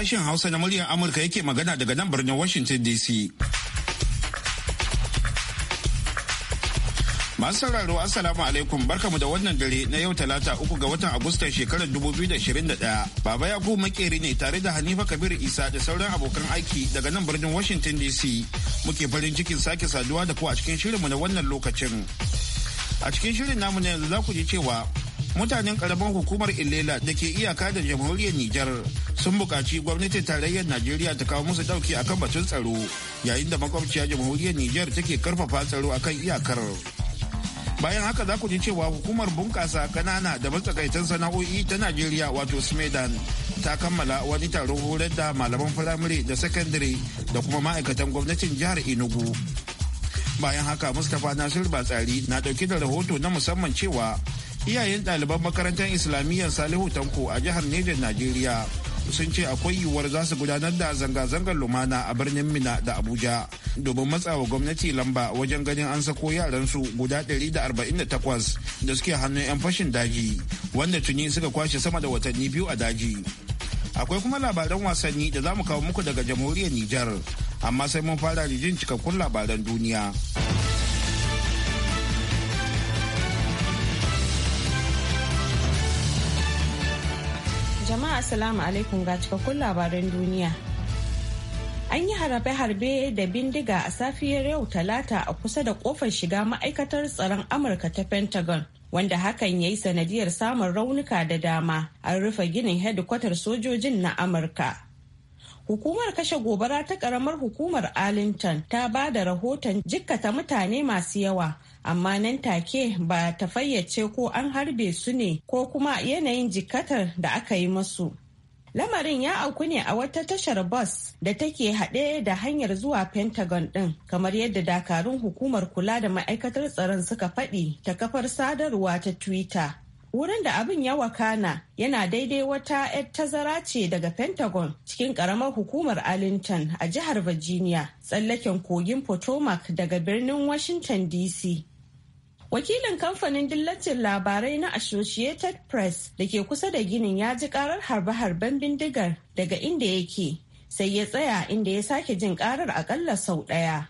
sashen Hausa na muryar Amurka yake magana daga nan birnin Washington DC. Masu sauraro Assalamu alaikum barkamu da wannan dare na yau talata uku ga watan Agusta shekarar 2021. Baba ku makeri ne tare da Hanifa Kabir Isa da sauran abokan aiki daga nan birnin Washington DC. Muke farin cikin sake saduwa da ku a cikin shirinmu na wannan lokacin. A cikin shirin namu na yanzu za ku ji cewa mutanen karamar hukumar Ilela da ke iyaka da jamhuriyar nijar sun buƙaci gwamnatin tarayyar najeriya ta kawo musu ɗauki akan batun tsaro yayin da makwabciya jamhuriyar nijar take karfafa tsaro akan iyakar bayan haka za ku ji cewa hukumar bunƙasa ƙanana da matsakaitan sana'o'i ta najeriya wato smedan ta kammala wani taron horar da malaman firamare da sakandare da kuma ma'aikatan gwamnatin jihar enugu bayan haka mustapha nasir batsari na ɗauke da rahoto na musamman cewa iyayen ɗaliban makarantar islamiyyar salihu tanko a jihar nejan najeriya sun ce akwai yiwuwar za su gudanar da zanga-zangar lumana a birnin mina da abuja domin matsawa gwamnati lamba wajen ganin an sako yaransu guda 148 da suke hannun 'yan fashin daji wanda tuni suka kwashe sama da watanni biyu a daji akwai kuma labaran wasanni da za mu kawo muku daga jamhuriyar nijar amma sai mun fara da jin cikakkun labaran duniya. assalamu alaikum ga cikakkun labaran duniya an yi harbe-harbe da bindiga a safiyar yau talata a kusa da kofar shiga ma'aikatar tsaron amurka ta pentagon wanda hakan ya yi sanadiyar samun raunuka da dama an rufe ginin hedikwatar sojojin na amurka Hukumar kashe gobara ta karamar hukumar Arlington ta ba da rahoton jikkata mutane masu yawa, amma nan take ba ta fayyace ko an harbe su ne ko kuma yanayin jikkatar da aka yi masu. Lamarin ya auku ne a wata tashar bus da take haɗe da hanyar zuwa Pentagon ɗin, kamar yadda dakarun hukumar kula da ma'aikatar tsaron suka faɗi ta kafar sadarwa ta Twitter. Wurin da abin ya wakana yana daidai wata 'yar tazara ce daga Pentagon cikin ƙaramar hukumar Arlington a jihar Virginia tsallaken kogin Potomac daga birnin Washington DC. Wakilin kamfanin dillacin labarai na Associated Press da ke kusa da ginin ya ji karar harbe-harben bindigar daga inda yake sai ya tsaya inda ya sake jin karar akalla sau ɗaya.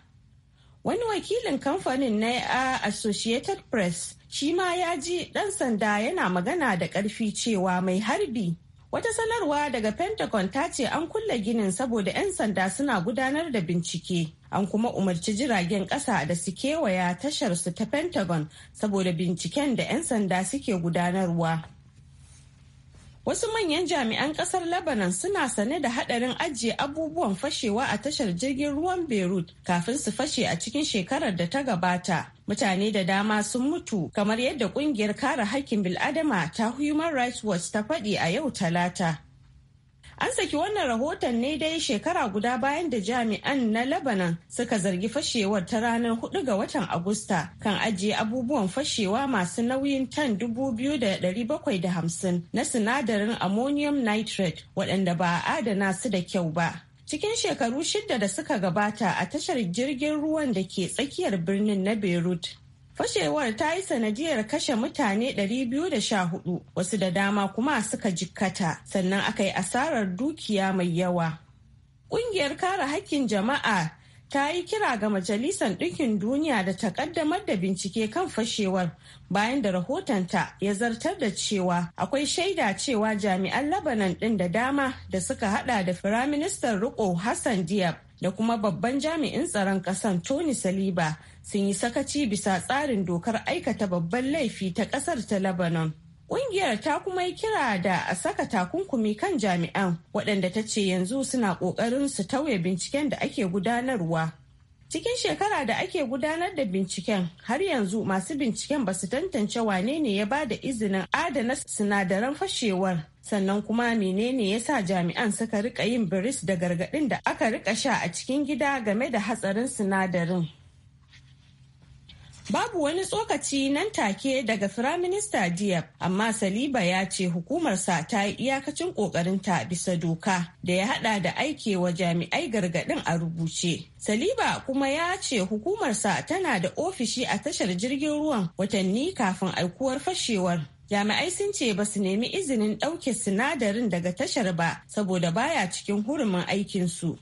Wani wakilin kamfanin na Associated Press shi ma ya ji ɗan sanda yana magana da ƙarfi cewa mai harbi. Wata sanarwa daga Pentagon ta ce an kulle ginin saboda 'yan sanda suna gudanar da bincike. An kuma umarci jiragen ƙasa da su kewaya tashar su ta Pentagon saboda binciken da 'yan sanda suke gudanarwa. Wasu manyan jami'an ƙasar Lebanon suna sane da haɗarin ajiye abubuwan fashewa a tashar jirgin ruwan Beirut kafin su fashe a cikin shekarar da ta gabata. mutane da dama sun mutu kamar yadda kungiyar kare haƙƙin bil'adama ta human rights watch ta faɗi a yau talata an saki wannan rahoton ne dai shekara guda bayan da jami'an na labanan suka zargi fashewar ta ranar 4 ga watan agusta kan ajiye abubuwan fashewa masu nauyin tan 2,750 na sinadarin ammonium nitrate waɗanda ba a adana su da kyau ba Cikin shekaru shida da suka gabata a tashar jirgin ruwan da ke tsakiyar birnin na Beirut. Fashewar ta yi sanadiyar kashe mutane 214 wasu da dama kuma suka jikkata sannan aka yi asarar dukiya mai yawa. Ƙungiyar kare haƙƙin jama'a ta yi kira ga Majalisar Ɗinkin Duniya da ta ƙaddamar da bincike kan fashewar bayan da rahotonta ya zartar da cewa akwai shaida cewa jami'an Labanan ɗin da dama da suka hada da Firaministan Riko Hassan Diab da kuma babban jami'in tsaron ƙasan Tony Saliba sun yi sakaci bisa tsarin dokar aikata babban laifi ta ƙasar ta Labanan. Ƙungiyar ta kuma yi kira da a saka takunkumi kan jami'an waɗanda ta ce yanzu suna ƙoƙarin su tauye binciken da ake gudanarwa. Cikin shekara da ake gudanar da binciken har yanzu masu binciken ba su tantance wane ne ya ba da izinin adana sinadaran fashewar sannan kuma menene ya sa jami'an suka rika yin biris da gargaɗin da aka rika sha a cikin gida game da hatsarin sinadarin. Babu wani tsokaci nan take daga Firaminista Diab, amma Saliba ya ce hukumarsa ta yi iyakacin ƙoƙarinta bisa doka da ya haɗa da aike wa jami'ai gargaɗin a rubuce. Saliba kuma ya ce hukumarsa tana da ofishi a tashar jirgin ruwan watanni kafin aikuwar fashewar. Jami'ai sun ce ba su nemi izinin ɗauke sinadarin daga tashar ba saboda baya cikin hurumin aikinsu.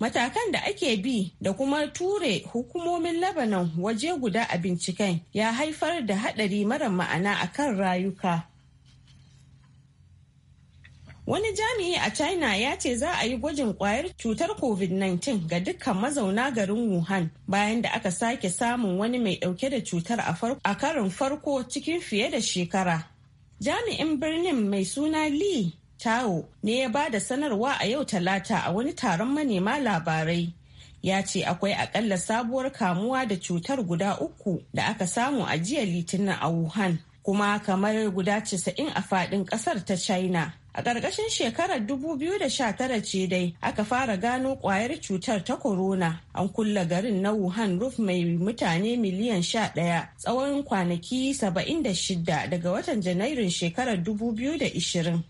matakan da ake bi da kuma ture hukumomin labanan waje guda a binciken ya haifar da hadari mara ma'ana a kan rayuka wani jami'i a china ya ce za a yi gwajin kwayar cutar covid-19 ga dukkan mazauna garin wuhan bayan da aka sake samun wani mai dauke da cutar a karin farko cikin fiye da shekara jami'in birnin mai suna Li? Tao ne ya ba da sanarwa a yau talata a wani taron manema labarai. Ya ce akwai akalla sabuwar kamuwa da cutar guda uku da aka samu a jiya litinin a Wuhan, kuma kamar guda casa'in a faɗin ƙasar ta China. A ƙarƙashin shekarar 2019 ce dai aka fara gano ƙwayar cutar ta corona. An kulla garin na Wuhan Roof mai mutane miliyan 11 tsawon kwanaki 76 daga watan Janairun shekarar 2020.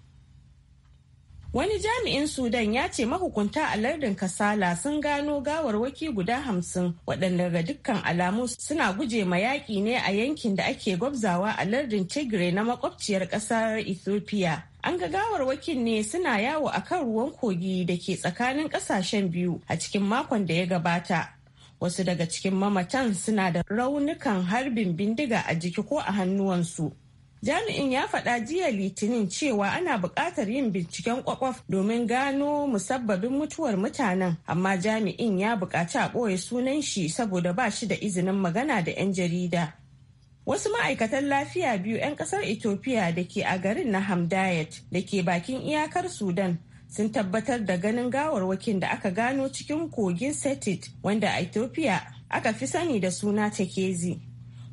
Wani jami'in Sudan ya ce mahukunta a lardin Kasala sun gano gawarwaki guda hamsin waɗanda ga dukkan alamu suna guje ma yaƙi ne a yankin da ake gwabzawa a lardin Tigray na makwabciyar ƙasar Ethiopia. An ga gawarwakin ne suna yawo a kan ruwan kogi da ke tsakanin ƙasashen biyu a cikin makon da ya gabata. Wasu daga cikin mamatan suna da raunukan harbin bindiga a jiki ko a hannuwansu. Jami'in ya faɗa jiya Litinin cewa ana buƙatar yin binciken kwakwaf domin gano musabbabin mutuwar mutanen, amma jami'in ya buƙaci a ɓoye sunan shi saboda ba shi da izinin magana da 'yan jarida. Wasu ma'aikatan lafiya biyu 'yan ƙasar Ethiopia da ke a garin na Hamdayet da ke bakin iyakar Sudan sun tabbatar da ganin gawarwakin da aka gano cikin kogin Setit wanda a Ethiopia aka fi sani da suna Tekezi.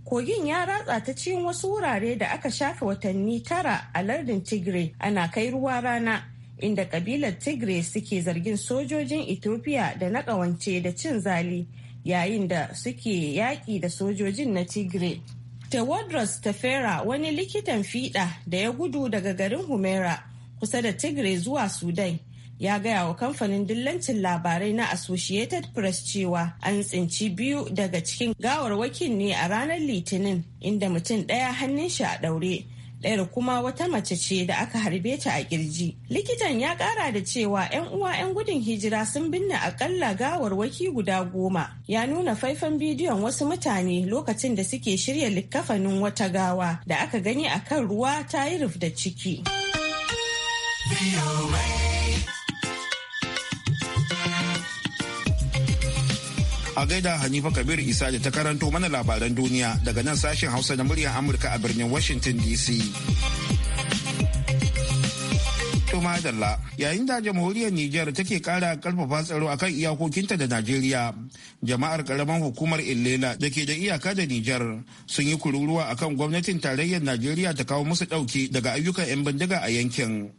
kogin ya ratsa ta cikin wasu wurare da aka shafe watanni tara a lardin tigray ana kai ruwa rana inda kabilar tigray suke zargin sojojin ethiopia da na ƙawance da cin zali yayin da suke yaƙi da sojojin na tigray tewodros tafera wani likitan fiɗa da ya gudu daga garin humera kusa da tigray zuwa sudan ya gaya wa kamfanin dillancin labarai na associated press cewa an tsinci biyu daga cikin gawarwakin ne a ranar litinin inda mutum ɗaya hannun shi a ɗaure ɗayar kuma wata mace ce da aka harbe ta a kirji likitan ya ƙara da cewa 'yan uwa 'yan gudun hijira sun binne akalla gawarwaki guda goma ya nuna faifan bidiyon wasu mutane lokacin da suke shirya likafanin wata gawa da aka gani a kan ruwa ta yi da ciki. a gaida hanifa kabir isa da ta karanto mana labaran duniya daga nan sashen hausa na muryar amurka a birnin washington dc madalla yayin da jamhuriyar niger take kara karfafa tsaro akan iyakokinta da najeriya jama'ar karaman hukumar illela da ke da iyaka da niger sun yi kururuwa akan gwamnatin tarayyar najeriya ta kawo musu dauki daga ayyukan 'yan bindiga a yankin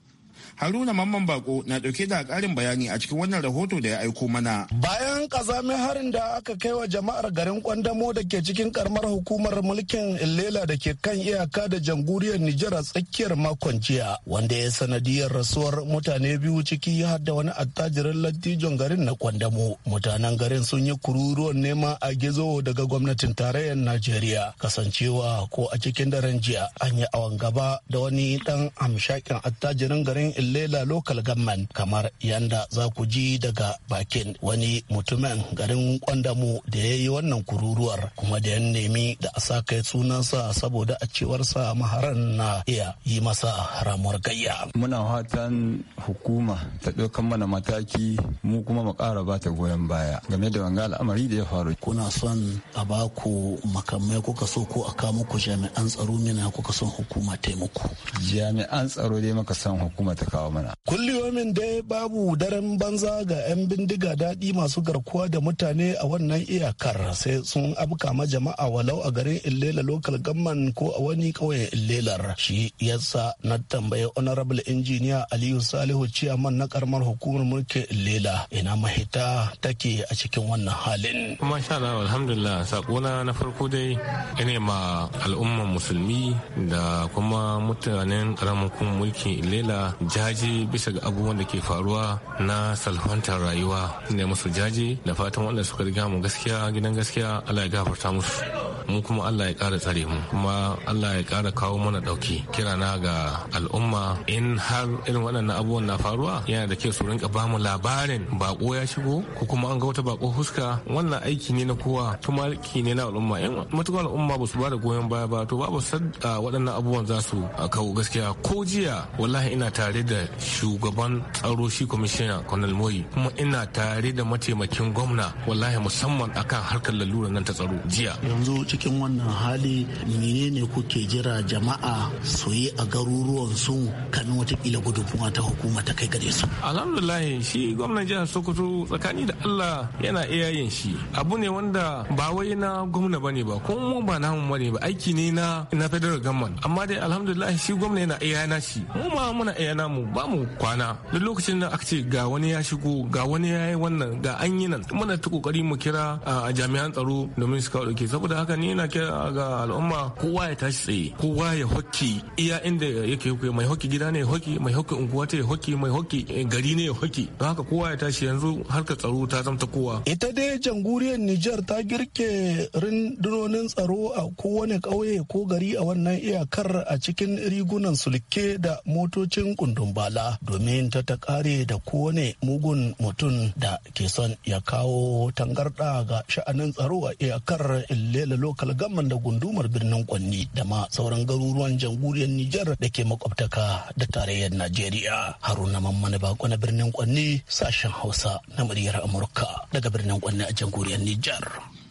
Haruna Mamman Bako na dauke da karin bayani a cikin wannan rahoto da ya aiko mana. Bayan kazamin harin da aka kai wa jama'ar garin Kwandamo da ke cikin karamar hukumar mulkin Ilela da ke kan iyaka da jamhuriyar Nijar a tsakiyar makon jiya wanda ya sanadiyar rasuwar mutane biyu ciki har da wani attajirin lattijon garin na Kwandamo. Mutanen garin sun yi kururuwan nema a gizo daga gwamnatin tarayyar Najeriya kasancewa ko a cikin daren jiya an yi awan gaba da wani dan amshakin attajirin garin lela local government kamar yanda za ku ji daga bakin wani mutumin garin kwandamu da ya yi wannan kururuwar kuma da ya nemi da a sa kai sunansa saboda a cewarsa maharan na iya yi masa ramuwar gayya. Muna fatan hukuma ta ɗaukan mana mataki mu kuma mu ƙara ba ta goyon baya game da wanga al'amari da ya faru. Kuna son a ba ku makamai kuka so ko a kama ku jami'an tsaro mina kuka son hukuma taimako. Jami'an tsaro dai maka son hukuma ta kawo mana. Kulliyomin dai babu daren banza ga 'yan bindiga daɗi masu garkuwa da mutane a wannan iyakar sai sun abka ma jama'a walau a garin Illela lokal gamman ko a wani ƙauyen Illelar. Shi yasa na tambaye Honorable Engineer Aliyu Salihu Ciyaman na karamar hukumar mulkin Illela ina mahita take a cikin wannan halin. Kuma sha Allah na farko dai ina ma al'ummar musulmi da kuma mutanen karamar hukumar mulkin Illela ja jaji bisa ga abubuwan da ke faruwa na salfantar rayuwa ne musu jaji da fatan wanda suka riga mu gaskiya gidan gaskiya Allah ya gafarta musu mu kuma Allah ya kara tsare mu kuma Allah ya kara kawo mana ɗauki kirana ga al'umma in har irin waɗannan abubuwan na faruwa yana da kyau su rinka ba mu labarin bako ya shigo ko kuma an ga wata bako huska wannan aiki ne na kowa kuma aiki ne na al'umma in matuƙar al'umma ba su ba da goyon baya ba to babu waɗannan abubuwan za su kawo gaskiya ko jiya wallahi ina tare da da shugaban tsaro shi kwamishina Colonel Moyi kuma ina tare da mataimakin gwamna wallahi musamman akan harkar lalura nan ta tsaro jiya. Yanzu cikin wannan hali menene kuke jira jama'a su yi a garuruwan su kan watakila gudunmuwa ta hukuma ta kai gare su. alhamdulahi shi gwamnan jihar Sokoto tsakani da Allah yana iya yin shi abu ne wanda ba wai na gwamna bane ba mu ba namu bane ba aiki ne na na federal government amma dai alhamdulahi shi gwamna yana iya na shi mu ma muna iya namu ba mu kwana duk lokacin da aka ce ga wani ya shigo ga wani ya yi wannan ga an yi nan muna ta kokari mu kira a jami'an tsaro domin su kawo dauke saboda haka ni na kira ga al'umma kowa ya tashi tsaye kowa ya hoki iya inda yake hoki mai hoki gida ne ya hoki mai hoki unguwa ta ya hoki mai hoki eh, gari ne ya hoki don haka kowa ya tashi yanzu harka tsaro ta zamta kowa ita dai jamhuriyar Nijar ta girke rundunonin tsaro a kowane kauye ko gari a wannan iyakar a cikin rigunan sulke da motocin kundo. rumbala domin ta ta kare da kowane mugun mutum da ke son ya kawo tangarda ga sha'anin tsaro a iyakar illela lokal gamman da gundumar birnin kwanni da ma sauran garuruwan jamhuriyar Nijar da ke makwabtaka da tarayyar Najeriya. Haruna Mamman Bako na birnin kwanni sashen Hausa na muryar Amurka daga birnin kwanni a jamhuriyar Nijar.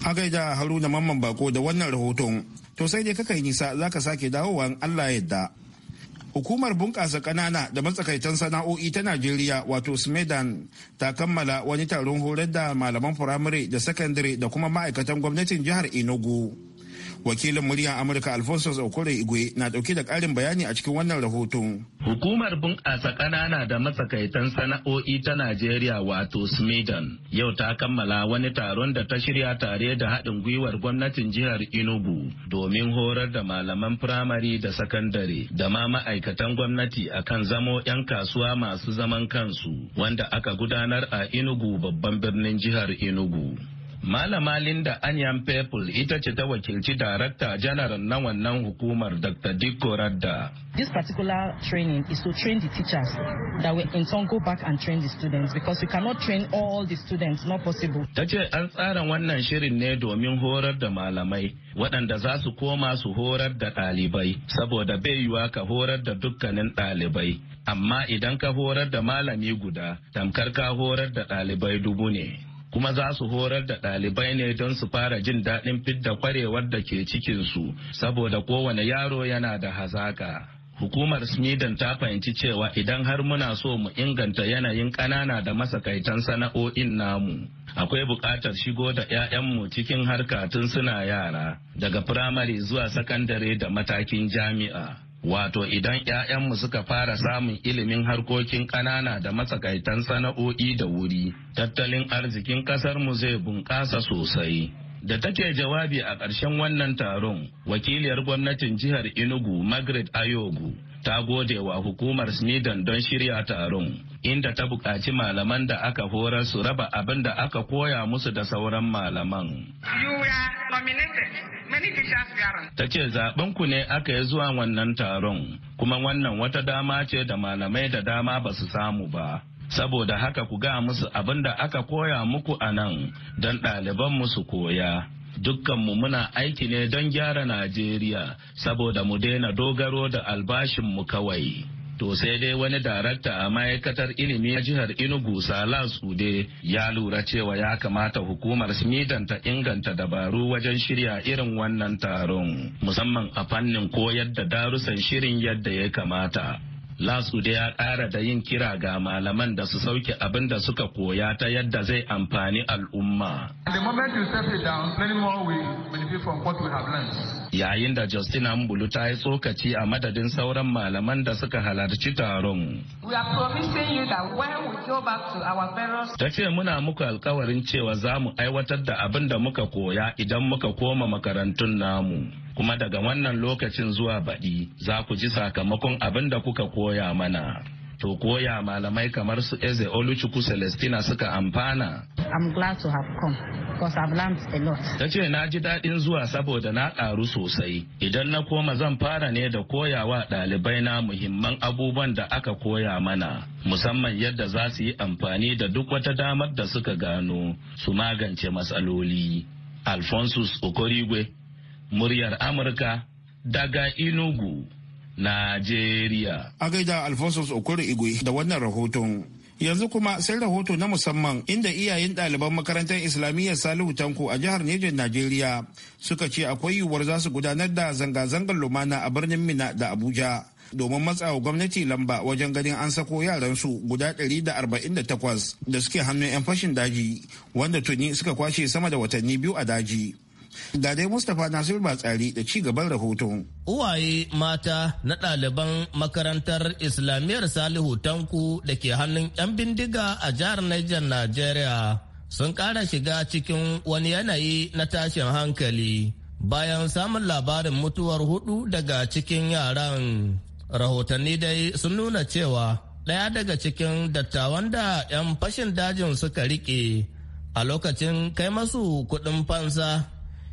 A gaida Haruna Mamman Bako da wannan rahoton. To sai dai kakan nisa za ka sake dawowa Allah yadda. Hukumar bunƙasa ƙanana da matsakaitan sana'o'i ta Najeriya wato Smedan ta kammala wani taron horar da malaman firamare da sakandare da kuma ma'aikatan gwamnatin jihar Enugu. wakilin muryar amurka alfonso zaukure igwe na dauke da karin bayani a cikin wannan rahoto hukumar bunƙasa ƙanana da matsakaitan sana'o'i ta najeriya wato smidan yau ta kammala wani taron da ta shirya tare da haɗin gwiwar gwamnatin jihar inugu domin horar da malaman firamare da sakandare da ma ma'aikatan gwamnati akan zamo 'yan kasuwa masu zaman kansu wanda aka gudanar a inugu babban birnin jihar inugu Malama Linda Anyan peple ita ce ta wakilci darakta janaral na wannan hukumar Dr. Dikko Radda. This particular training is to train the teachers that we in turn go back and train the students because we cannot train all the students, not possible. Ta ce an tsara wannan shirin ne domin horar da malamai waɗanda za su koma su horar da ɗalibai saboda bai yiwuwa ka horar da dukkanin ɗalibai. Amma idan ka horar da malami guda, tamkar ka horar da ɗalibai dubu ne. kuma za su horar da ɗalibai ne don su fara jin daɗin fidda kwarewar da ke cikinsu saboda kowane yaro yana da hazaka. Hukumar Smidan ta fahimci cewa idan har muna so mu inganta yanayin ƙanana da masakaitan sana'o'in namu, akwai buƙatar shigo da 'ya'yanmu cikin harka tun suna yara, daga firamare zuwa sakandare da matakin jami'a. wato idan 'ya'yanmu suka fara samun ilimin harkokin ƙanana da matsakaitan sana'o'i da wuri tattalin arzikin ƙasarmu zai bunƙasa sosai. Da take jawabi a ƙarshen wannan taron, wakiliyar gwamnatin jihar inugu Margaret Ayogu ta gode wa hukumar Smidan don shirya taron, inda ta buƙaci malaman da aka horar su raba abin da aka koya musu da sauran malaman. Ta ce ku ne aka yi zuwa wannan taron, kuma wannan wata dama ce da malamai da dama ba su samu ba. Saboda haka ku ga musu abin da aka koya muku a nan don ɗaliban su koya. Dukkanmu muna aiki ne don gyara Najeriya saboda mu daina dogaro da albashin mu kawai. To sai dai wani darakta a ma'aikatar ilimi a jihar Enugu Salah Sude ya lura cewa ya kamata hukumar Smidan ta inganta dabaru wajen shirya irin wannan taron musamman a fannin koyar da darussan shirin yadda ya kamata. Lasu da ya ƙara da yin kira ga malaman da su sauke abin da suka koya ta yadda zai amfani al'umma. Yayin da Justina Mbulu ta yi tsokaci a madadin sauran malaman da suka halarci taron. Ta ce muna muku alkawarin cewa za mu aiwatar da abin da muka koya idan muka koma makarantun namu. kuma daga wannan lokacin zuwa baɗi za ku ji sakamakon abin da kuka koya mana. To koya malamai kamar su Eze Oluchukwu Celestina suka amfana. I'm glad to have come. Ta ce na ji daɗin zuwa saboda na ƙaru sosai. Idan na koma zan fara ne da koyawa ɗalibai na muhimman abubuwan da aka koya mana, musamman yadda za su yi amfani da duk wata damar da suka gano su magance matsaloli. Alphonsus Okorigwe muryar Amurka daga Inugu, Najeriya. A gaida Alphonsus Okoro Igwe da wannan rahoton. Yanzu kuma sai rahoto na musamman inda iyayen ɗaliban makarantar Islamiyya Salihu Tanko a jihar Nijar Najeriya suka ce akwai yiwuwar za su gudanar da zanga-zangar lumana a birnin Mina da Abuja. domin matsawa gwamnati lamba wajen ganin an sako yaransu guda 148 da suke hannun 'yan fashin daji wanda tuni suka kwashe sama da watanni biyu a daji Ga dai Mustapha Nasir Batsari da ci gaban rahoton. Uwaye mata na ɗaliban makarantar Islamiyar Salihu Tanku da ke hannun 'yan bindiga a jihar Niger Najeriya sun ƙara shiga cikin wani yanayi na tashin hankali bayan samun labarin mutuwar hudu daga cikin yaran. Rahotanni dai sun nuna cewa ɗaya daga cikin dattawan da 'yan fashin dajin suka rike, a lokacin kai masu kuɗin fansa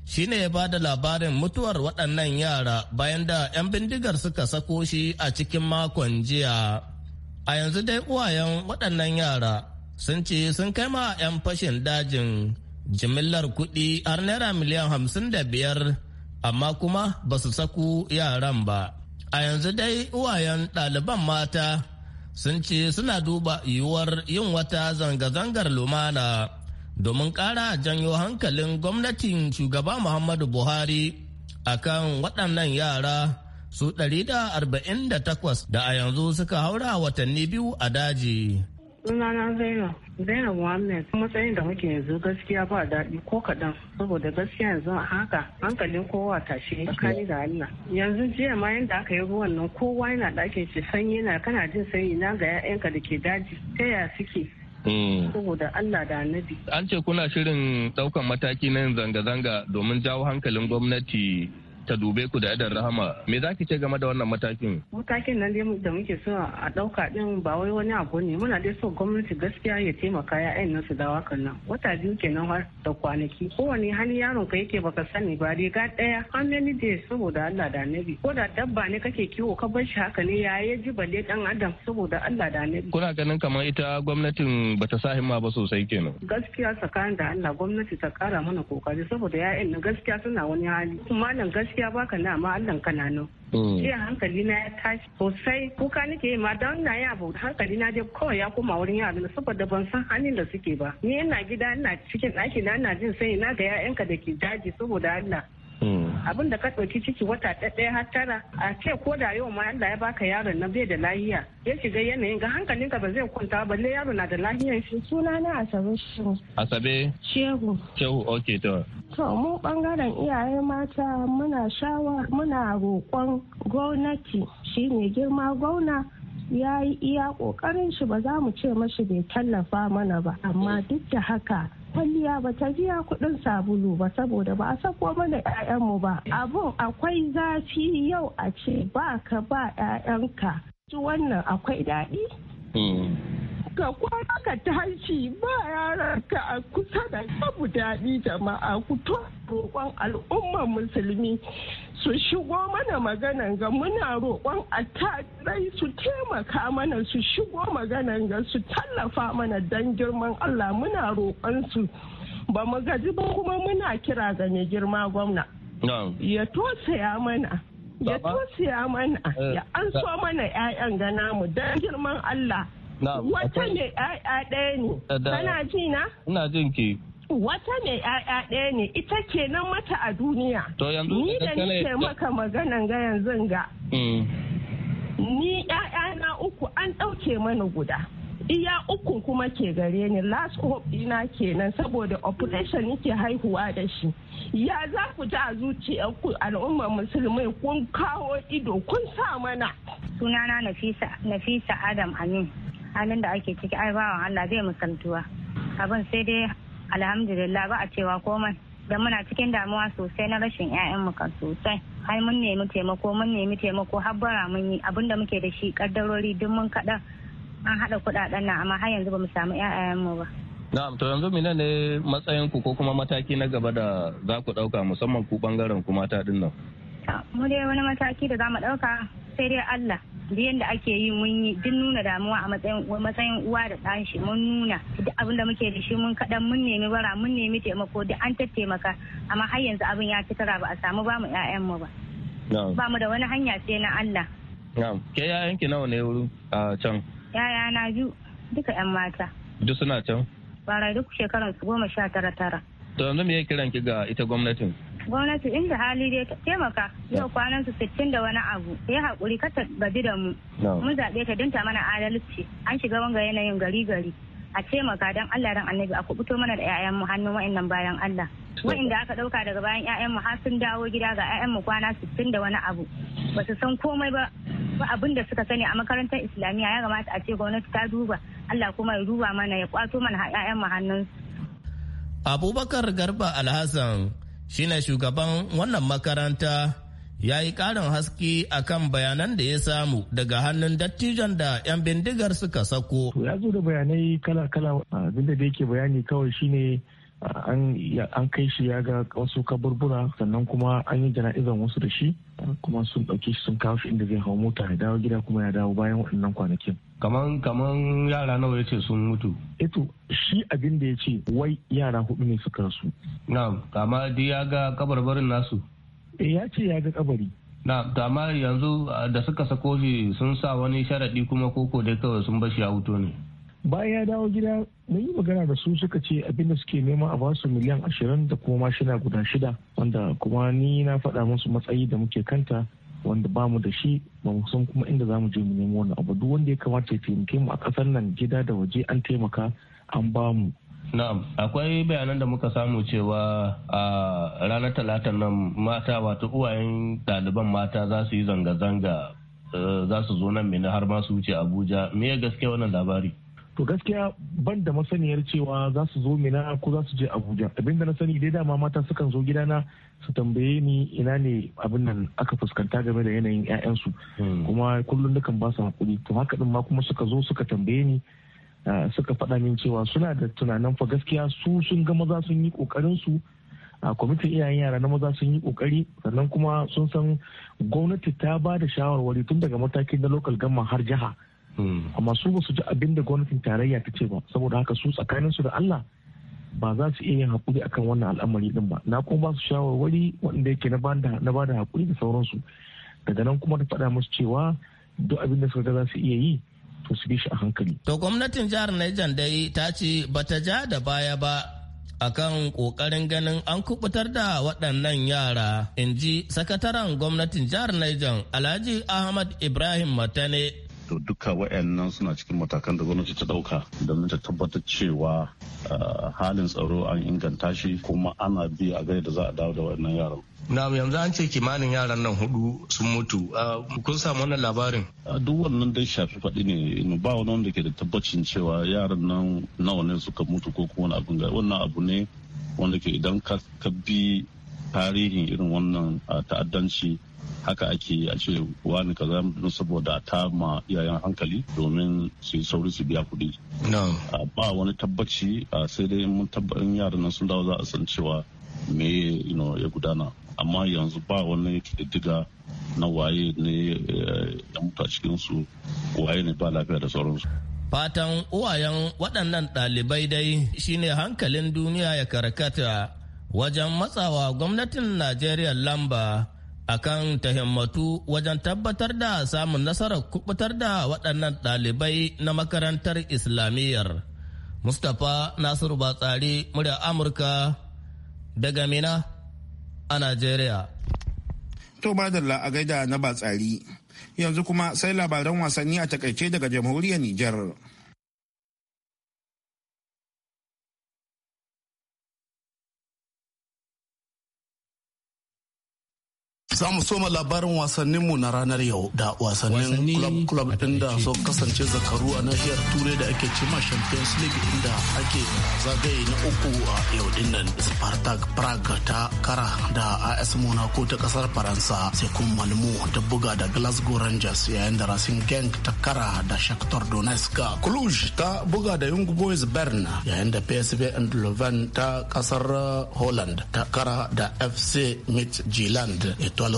shine ya ba da labarin mutuwar waɗannan yara bayan da 'yan bindigar suka sako shi a cikin makon jiya. A yanzu dai uwayen waɗannan yara sun ce sun kai ma 'yan fashin dajin jimillar kuɗi har naira miliyan hamsin da biyar amma kuma ba su saku yaran ba. A yanzu dai uwayen ɗaliban mata sun ce suna duba yiwuwar yin wata zanga-zangar lumana. domin ƙara janyo hankalin gwamnatin shugaba Muhammadu Buhari akan waɗannan yara su 148 da a yanzu suka haura watanni biyu a daji. sunana zainab zainab muhammed matsayin da muke yanzu gaskiya ba daɗi ko kaɗan saboda gaskiya yanzu a haka hankalin kowa tashi tsakani da allah yanzu jiya ma yanda aka yi ruwan nan kowa yana ɗakin shi sanyi na kana jin sanyi na ga 'ya'yanka da ke daji ta ya suke Mm. saboda Allah da annabi an ce kuna shirin daukan mataki na zanga-zanga domin jawo hankalin gwamnati ta dube ku da idan rahama me za ki ce game da wannan matakin matakin nan dai da muke so a ɗauka ɗin ba wai wani abu ne muna dai so gwamnati gaskiya ya taimaka ya'yan nan su dawa kan nan wata biyu kenan har da kwanaki kowane hali yaron ka yake baka sani ba riga ɗaya how many days saboda Allah da annabi ko da dabba ne kake kiwo ka bar shi haka ne ya yi ji balle dan adam saboda Allah da annabi kuna ganin kamar ita gwamnatin bata sa himma ba sosai kenan gaskiya tsakanin da Allah gwamnati ta kara mana kokari saboda ya'yan na gaskiya suna wani hali kuma gaskiya gaskiya ba ka na ma Allah kana mm. Jiya hankali na ya tashi sosai kuka nake yi ma don na yi abu hankali na je kawai ya koma wurin na saboda ban san hannun da suke ba. Ni ina gida ina cikin ɗaki na ina jin sanyi na ga 'ya'yanka da ke daji saboda Allah. abin da ka ɗauki ciki wata ɗaya har tara a ce ko da yau ma Allah ya baka yaron na bai da lahiya ya shiga yanayin ga hankalinka ba zai kwanta balle yaro na da lahiyan shi suna na asabe shi asabe shehu shehu okay to to mu bangaren iyaye mata muna shawar muna roƙon gwamnati shi ne girma gwamna ya yi iya ƙoƙarin shi ba za mu ce mashi bai tallafa mana ba amma duk da haka kwalliya ba ta biya kuɗin sabulu ba saboda ba a sako mana ƴaƴanmu ba abun akwai zafi yau a ce ba ka ba su wannan akwai daɗi hmm. ka kwana ka tashi ba yaran ka a kusa da kabu daɗi jama'a ku to roƙon al'ummar musulmi su shigo mana magana ga muna roƙon attajirai su taimaka mana su shigo magana ga su tallafa mana don girman Allah muna roƙon su ba mu gaji ba kuma muna kira ga mai girma gwamna ya tosaya mana ya tosaya mana eh, ya an so mana 'ya'yan gana mu don girman Allah Wata mai ‘ya'ya ɗaya ne, kana ji Wata mai ‘ya'ya ɗaya ne, ita ke nan mata a duniya. Ni da nake maka maganan ga yanzu ga. Mm. Ni ‘ya'ya na uku an ɗauke mana guda. iya uku kuma ke gare ni last hope ina kenan saboda operation yake haihuwa da shi ya za ku ji a ku al'ummar musulmai kun kawo ido kun sa mana sunana nafisa adam amin halin da ake ciki ai bawan Allah zai musantuwa abin sai dai alhamdulillah ba a cewa komai da muna cikin damuwa sosai na rashin mu kan sosai har mun nemi taimako mun nemi taimako har bara mun yi abin da muke da shi kaddarori duk mun kaɗan an haɗa kuɗaɗen nan amma har yanzu ba mu samu mu ba. Na'am to yanzu mina ne matsayin ku ko kuma mataki na gaba da za ku ɗauka musamman ku bangaren ku mata din nan. mu dai wani mataki da za mu ɗauka sai dai Allah duk yadda ake yi mun yi duk nuna damuwa a matsayin uwa da ɗan shi mun nuna duk abin da muke da shi mun kaɗan mun nemi bara mun nemi taimako duk an tattaimaka amma har yanzu abin ya ci tara ba a samu ba mu mu ba. Ba mu da wani hanya sai na Allah. Ke ƴaƴan ki nawa ne wurin a can? Yaya na biyu duka ƴan mata. Duk suna can? rai duk shekaran su goma sha tara tara. To yanzu me ya kiran ki ga ita gwamnatin? gwamnati in inda hali dai ta taimaka yau kwanan su sittin da wani abu ya haƙuri kata gabi da mu mun zaɓe ta dinta mana adalci an shiga wanga yanayin gari gari a taimaka don Allah dan annabi a kubuto mana da 'ya'yan mu hannun nan bayan Allah wa'inda aka ɗauka daga bayan 'ya'yan mu har sun dawo gida ga 'ya'yan mu kwana sittin da wani abu ba su san komai ba ba abin da suka sani a makarantar islamiyya ya kamata a ce gwamnati ta duba Allah kuma ya duba mana ya kwato mana 'ya'yan mu hannun Abubakar Garba Alhassan shine shugaban wannan makaranta ya yi karin haske akan bayanan da ya samu daga hannun dattijon da 'yan bindigar suka sako. ya zo da bayanai kala-kala abinda da yake bayani kawai shine an kai shi ya ga wasu kaburbura sannan kuma an yi jana'izan wasu da shi kuma sun ɗauki shi sun kawo shi inda zai hau mota ya dawo gida kuma ya dawo bayan waɗannan kwanakin kaman kaman yara nawa ya ce sun mutu eto eh shi abin da ya ce wai yara hudu ne suka rasu na kama dai ya ga kabarbarin nasu eh, ya ce ya ga kabari na kama yanzu da suka sako shi sun sa wani sharaɗi kuma koko dai kawai sun bashi a wuto ne bayan ya dawo gida na yi magana da su suka ce abin da suke nema a basu miliyan ashirin da kuma mashina guda shida wanda kuma ni na faɗa musu matsayi da muke kanta wanda ba mu da shi ba mu san kuma inda za mu je mu nemo wani abu duk wanda ya kamata ya taimake mu a ƙasar nan gida da waje an taimaka an ba mu Na'am, akwai bayanan da muka samu cewa a ranar talata nan mata wato uwayen ɗaliban mata za su yi zanga-zanga eh, za su zo nan mena har ma su wuce Abuja. Me ya gaske wannan labari? to gaskiya ban da masaniyar cewa za su zo mina ko za su je abuja abinda na sani dai dama mata sukan zo gidana su tambaye ni ina ne abin nan aka fuskanta game da yanayin 'ya'yansu hmm. kuma kullum dukan ba su hakuri to haka din ma kuma suka zo suka tambaye ni suka faɗa min cewa suna da tunanin fa gaskiya su sun ga maza sun yi kokarin su a kwamitin iyayen yara na maza sun yi kokari sannan kuma sun san gwamnati ta ba da shawarwari tun daga matakin na lokal gamma har jiha Mm. amma su ba su ji abin da gwamnatin tarayya ta ce ba saboda haka su tsakanin su da Allah ba za su iya yin hakuri akan wannan al'amari din ba na kuma ba su shawarwari wanda yake na bada na bada hakuri da sauransu daga nan kuma ta faɗa musu cewa duk abin da suka za su iya yi to su bi shi a hankali to gwamnatin jihar Niger dai ta ce bata ja da baya ba akan kokarin ganin an kubutar da waɗannan yara in ji sakataren gwamnatin jihar Niger Alhaji Ahmad Ibrahim Matane to duka wa'annan suna cikin matakan da gwamnati ta dauka domin ta tabbatar cewa ah, halin tsaro an inganta shi kuma ana bi a gari da za a dawo da wa'annan yaran na yanzu an ce kimanin yaran nan hudu sun mutu ah, kun samu wannan labarin ah, duk wannan dai shafi faɗi ne ba wani wanda ke da tabbacin cewa yaran nan nawa ne suka mutu ko kuma wani abin wannan abu ne wanda ke idan ka bi tarihin irin wannan ta'addanci haka ake a ce wani kaza zama saboda ta ma iyayen hankali domin su yi sauri su biya kuɗi. ba wani tabbaci sai dai mun tabbarin yaran nan sun dawo za a san cewa me ya gudana amma yanzu ba wani kididdiga na waye ne eh, ya mutu a cikinsu waye ne ba lafiya da sauransu. fatan uwayen waɗannan ɗalibai dai shine hankalin duniya ya karkata wajen matsawa gwamnatin najeriya lamba akan ta himmatu wajen tabbatar da samun nasarar kubutar da waɗannan ɗalibai na makarantar islamiyyar mustapha nasiru batsari murya amurka daga mina a nigeria to da a gaida na batsari yanzu kuma sai labaran wasanni a takaice daga jamhuriyar nijar. Za mu soma labarin wasanninmu na ranar yau da wasannin club-club din da so kasance zakaru a nahiyar turai da ake cima champions league inda ake zagaye na uku a yau din nan spartak prague ta kara da as monaco ta kasar faransa sai kuma malmo ta buga da glasgow rangers yayin da racing gang ta kara da shakhtar donetsk cluj ta buga da young boys bern yayin da psv eindhoven ta kasar holland ta kara da fc mit jiland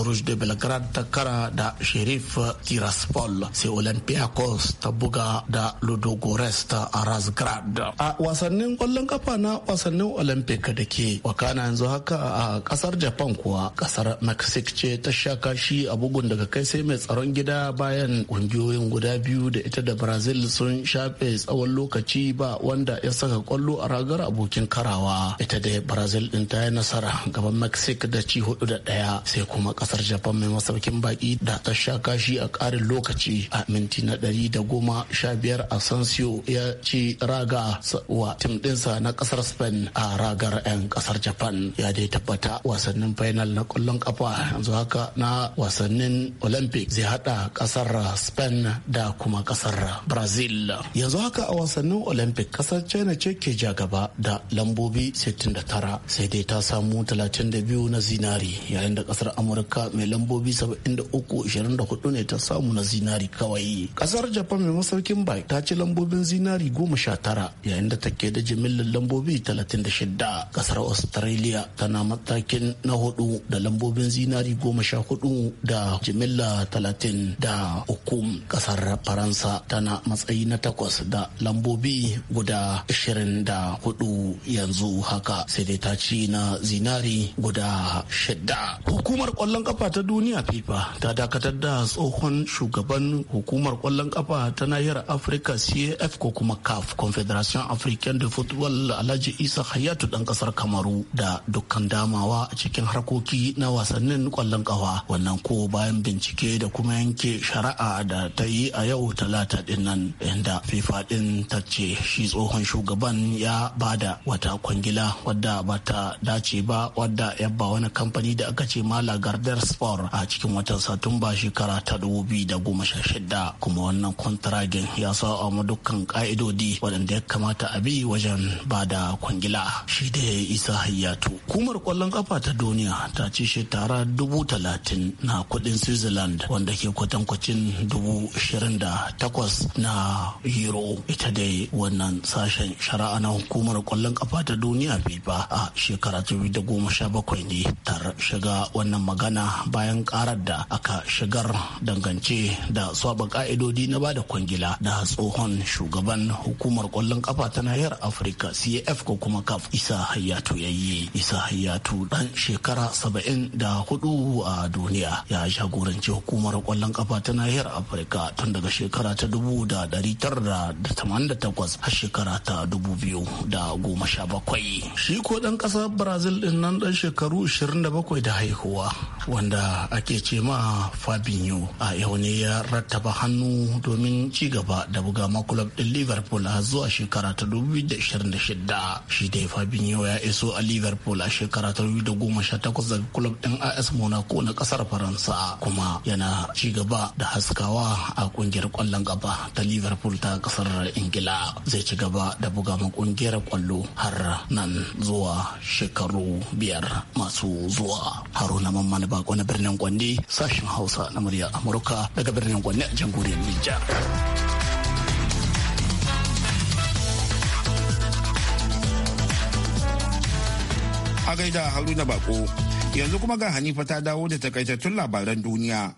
rouge de belgrade ta kara da sheriff tiraspol sai olympiacos ta buga da ludogorets ta razgrad a wasannin kwallon kafa na wasannin olympic da ke wakana yanzu haka a kasar japan kuwa kasar mexico ce ta sha kashi a bugun daga kai sai mai tsaron gida bayan kungiyoyin guda biyu da ita da brazil sun shafe tsawon lokaci ba wanda ya saka kwallo a ragar abokin karawa ita da brazil din ta yi nasara gaban mexico da ci hudu da daya sai kuma kasar japan mai masaukin baki da ta sha kashi a karin lokaci a minti na ɗari da goma sha biyar a sansio ya ci raga wa tim ɗinsa na kasar spain a ragar 'yan kasar japan ya dai tabbata wasannin final na ƙwallon kafa yanzu haka na wasannin olympic zai hada kasar spain da kuma kasar brazil yanzu haka a wasannin olympic kasar china ce ke ja gaba da lambobi 69 sai dai ta samu 32 na zinari yayin da kasar amurka amurka mai lambobi 73-24 ne ta samu na zinari kawai kasar japan mai masaukin bai ta ci lambobin zinari 19 yayin da take da jimillin lambobi 36 kasar australia tana matakin na hudu da lambobin zinari 14 da jimilla 30 da hukum kasar faransa tana matsayi na takwas da lambobi guda 24 yanzu haka sai dai ta ci na zinari guda shida hukumar kwallon kwallon kafa ta duniya FIFA ta dakatar da tsohon shugaban hukumar kwallon kafa ta nahiyar Afirka CAF ko kuma CAF Confederation African de Football Alhaji Isa Hayatu dan kasar Kamaru da dukkan damawa a cikin harkoki na wasannin kwallon kafa wannan ko bayan bincike da kuma yanke shari'a da ta yi a yau talata din nan inda FIFA din ta ce shi tsohon shugaban ya bada wata kwangila wadda ba ta dace ba wadda yabba wani kamfani da aka ce malagar spor a cikin watan Satumba shekara ta 2016 kuma wannan kontragen ya sa mu dukkan ka'idodi waɗanda ya kamata a bi wajen ba da kwangila shi da ya isa hayatu. Kumar kwallon ƙafa ta duniya ta ci shi tara dubu talatin na kuɗin Switzerland wanda ke kwatankwacin dubu ashirin da takwas na euro ita dai wannan sashen shari'a na hukumar kwallon ƙafa ta duniya fifa a shekara ta goma sha bakwai ne tar shiga wannan magana gudana bayan karar da aka shigar dangance da swaba ka'idodi na bada kwangila da tsohon shugaban hukumar kwallon kafa ta nahiyar afirka caf ko kuma caf isa hayatu ya yi. isa hayatu dan shekara saba'in da hudu a duniya ya jagoranci hukumar kwallon kafa ta nahiyar afirka tun daga shekara ta dubu da dari tara da tamanin da takwas har shekara ta dubu biyu da goma sha bakwai shi ko dan kasar brazil din nan dan shekaru bakwai da haihuwa wanda ake ce ma Fabinho a yau ne ya rattaba hannu domin ci gaba da buga makulab din Liverpool a zuwa shekara ta 2026 shi dai Fabinho ya iso a Liverpool a shekara ta 2018 daga kulab din AS Monaco na kasar Faransa kuma yana ci gaba da haskawa a kungiyar kwallon gaba ta Liverpool ta kasar Ingila zai ci gaba da buga ma kungiyar kwallo har nan zuwa shekaru biyar masu zuwa haruna mamman bako na birnin Gwandi sashen Hausa na murya Amurka daga birnin Gwandi a jamhuriyar Nijar. A gaida Haruna Bako yanzu kuma ga Hanifa ta dawo da takaitattun labaran duniya.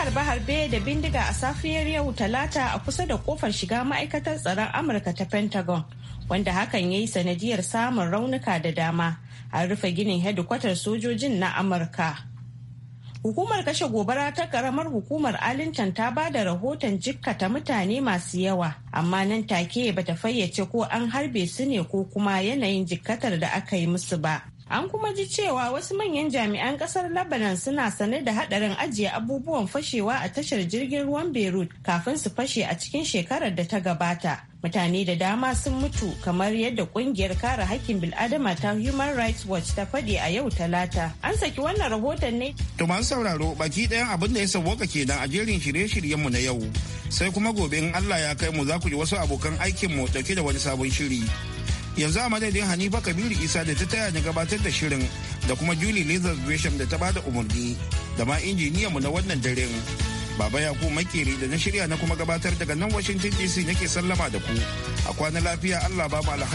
harbe-harbe da bindiga a safiyar yau talata a kusa da kofar shiga ma'aikatar tsaron amurka ta pentagon wanda hakan ya yi sanadiyar samun raunuka da dama an rufe ginin hedikwatar sojojin na amurka hukumar kashe gobara ta karamar hukumar alintan ta ba da rahoton jikkata mutane masu yawa amma nan take bata fayyace ko an harbe su ne ko kuma yanayin jikkatar da aka yi musu ba An kuma ji cewa wasu manyan jami'an kasar Lebanon suna sane da hadarin ajiye abubuwan fashewa a tashar jirgin ruwan Beirut kafin su fashe a cikin shekarar da ta gabata. Mutane da dama sun mutu kamar yadda kungiyar kare hakkin bil'adama ta Human Rights Watch ta faɗi a yau talata. An saki wannan rahoton ne. To masu sauraro baki ɗayan abin da ya sauwaka kenan a jerin shirye-shiryenmu na yau. Sai kuma gobe in Allah ya kai mu za ku ji wasu abokan aikinmu ɗauke da wani sabon shiri. yanzu a madadin hanifa kabiru isa da ta taya ni gabatar da shirin da kuma julie lizard gresham da ta bada umarni da ma injiniyanmu na wannan daren baba ya ku makeri da na shirya na kuma gabatar daga nan washington dc nake sallama da ku a kwana lafiya allah ba mu